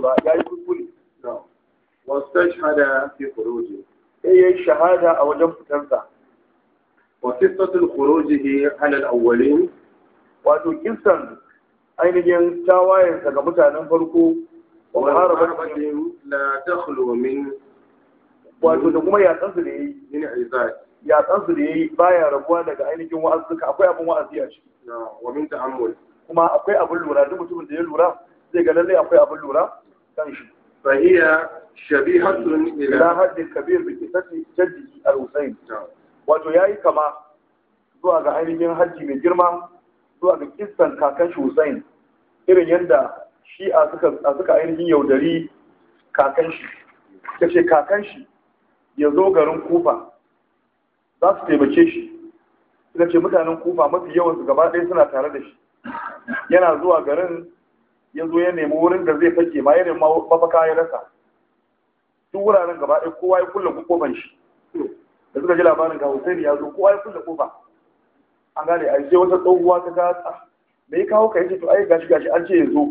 ba ya yi kuskure واستشهد في خروجه اي شهاده او وجب فتنسا وقصه ne? على الاولين wato kisan ainihin tawayensa ga mutanen farko Wani wa harabatin la takhlu min wato da kuma yatsan su da yayi min izat yatsan su da yayi baya rabuwa daga ainihin wa'azuka akwai abin wa'azi a ciki wa min ta'ammul kuma akwai abin lura duk mutumin da ya lura sai ga lallai akwai abin lura kan shi fahiya shabihatun ila haddin kabir bi kisati jaddi al-husayn wato yayi kama zuwa ga ainihin hajji mai girma zuwa ga kissan kakan shi Hussein irin yadda shi suka suka ainihin yaudari kakan shi kace kakan shi ya zo garin Kufa za su taimake shi suka ce mutanen Kufa mafi yawan su gaba ɗaya suna tare da shi yana zuwa garin ya zo ya nemi wurin da zai fake ma ya nemi mafaka ya rasa duk wuraren gaba ɗaya kowa ya kulle kofan shi da suka ji labarin ga Hussein ya zo kowa ya kulle kofa an gane a ce wata tsohuwa ta gata ah, me ya kawo ka yace to ai gashi gashi an ce ya zo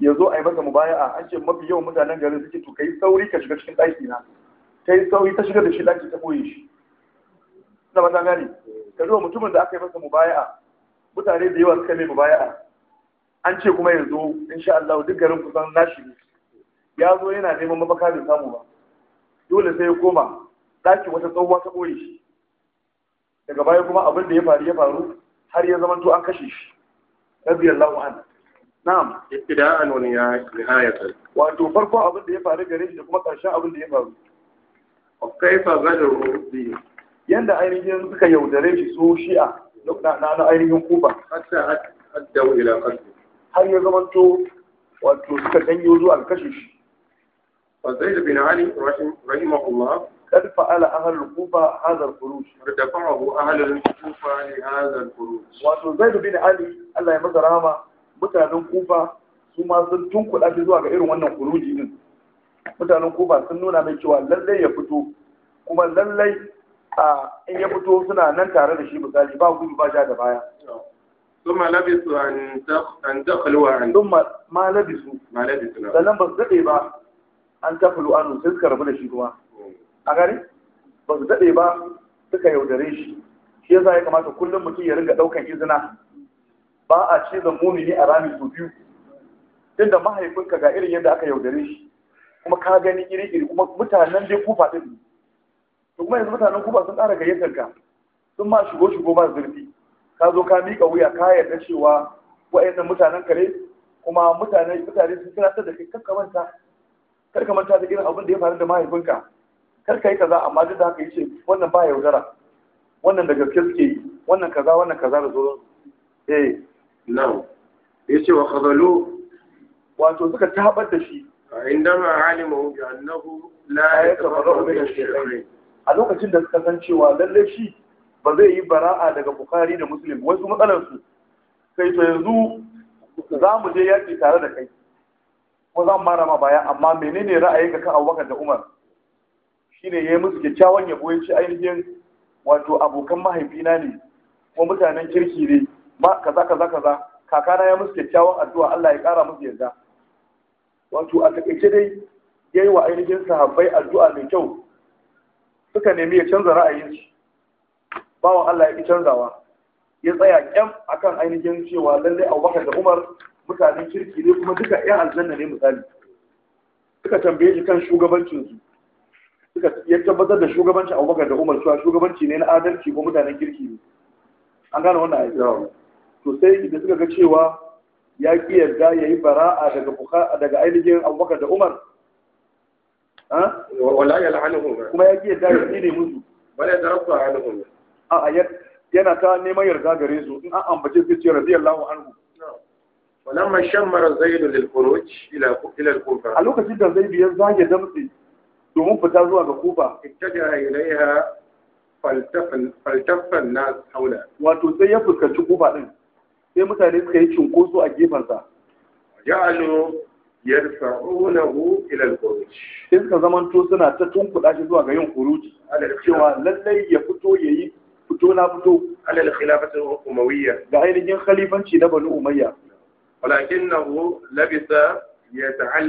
ya zo a yi masa mubaya'a an ce mafi yawan mutanen garin suke to kai sauri ka shiga cikin ɗaki na ta yi sauri ta shiga da shi ɗaki ta koyi shi ina ba ta gane ka zo mutumin da aka yi masa mubaya'a mutane da yawa suka mai mubaya'a an ce kuma yanzu insha Allah duk garin kusan nashi ya zo yana neman mafaka da samu ba dole sai ya koma ɗakin wata tsohuwa ta ɓoye shi daga baya kuma abin da ya faru ya faru har ya zama to an kashe shi radiyallahu an na'am ibtida'an wa nihayatan wato farko abin da ya faru gare shi da kuma ƙarshen abin da ya faru wa kaifa gadaru bi yanda ainihin suka yaudare shi su shi'a na ainihin kuba hatta addawu ila qalbi har ya zamanto wato suka danyo zuwa kashe shi فزيد بن علي رحمه الله قد فعل أهل الكوفة هذا الخروج ودفعه أهل الكوفة لهذا الخروج وزيد بن علي الله يمزر هما mutanen kufa su ma sun da shi zuwa ga irin wannan kuruji din mutanen kufa sun nuna mai cewa lallai ya fito kuma lallai a in ya fito suna nan tare da shi misali ba gudu ba ja da baya ثم لبثوا أن أن دخلوا عنه ثم ما لبثوا ما sannan ba su daɗe ba an tafalu anu sai suka rabu da shi kuma a gari ba su daɗe ba suka yaudare shi shi yasa ya kamata kullum mutum ya ringa ɗaukan izina ba a ce da mumini a rami su biyu tunda mahaifinka ga irin yadda aka yaudare shi kuma ka gani iri iri kuma mutanen dai kufa din to kuma yanzu mutanen kufa sun ƙara gayyatar ka sun ma shigo shigo ba zurfi ka zo ka miƙa wuya ka yarda cewa wa'annan mutanen kare kuma mutane mutane sun ta da kai kakka manta karka manta da irin abin da ya faru da mahaifinka karka yi kaza amma duk da haka yace wannan ba yaudara wannan da gaske suke yi wannan kaza wannan kaza da zuwa eh na'am yace wa khadalu wato suka tabar da shi indama alimu bi annahu la yakfaru bi ash a lokacin da suka san cewa lalle shi ba zai yi bara'a daga bukari da musulmi wasu matsalarsu sai to yanzu za mu je yaƙi tare da kai ko za mu mara ma baya amma menene ra'ayin ka kan abubakar da umar shine ya yi musu kyakkyawan yabo ya ce ainihin wato abokan mahaifina ne ko mutanen kirki ne ba kaza kaza kaza kakana ya musu kyakkyawan addu'a Allah ya ƙara musu yarda wato a takaice dai Ya yi wa ainihin sahabbai addu'a mai kyau suka nemi ya canza ra'ayinsu bawan Allah ya ki canzawa ya tsaya a kan ainihin cewa lallai Abubakar da Umar mutanen kirki ne kuma duka ƴan aljanna ne misali suka tambaye shi kan shugabancinsu. suka ya tabbatar da shugabancin Abubakar da Umar cewa shugabanci ne na adalci ko mutanen kirki ne an gane wannan aiki to sai da suka ga cewa ya ki yarda yi bara'a daga daga ainihin Abubakar da Umar ha wala ya la'anuhum kuma ya ki yarda ya ne musu wala ya tarabba alaihim a yana ta neman yarda gare su in an ambace su ce radiyallahu anhu walamma shammara zaid lil khuruj ila ila al kufa a lokacin da zaid ya zage damtsi domin fita zuwa ga kufa ittaja ilaiha faltafan faltafan nas haula wato sai ya fuskanci kufa din sai mutane suka yi cinkoso a gefen gefensa ja'alu yarfa'unahu ila al-khuruj sai suka zamanto suna ta tunkuɗa shi zuwa ga yin khuruji cewa lallai ya fito yayi fito na fito ala al-khilafati al-umayyah ga ainihin khalifanci na banu umayya walakinahu labisa yata'alla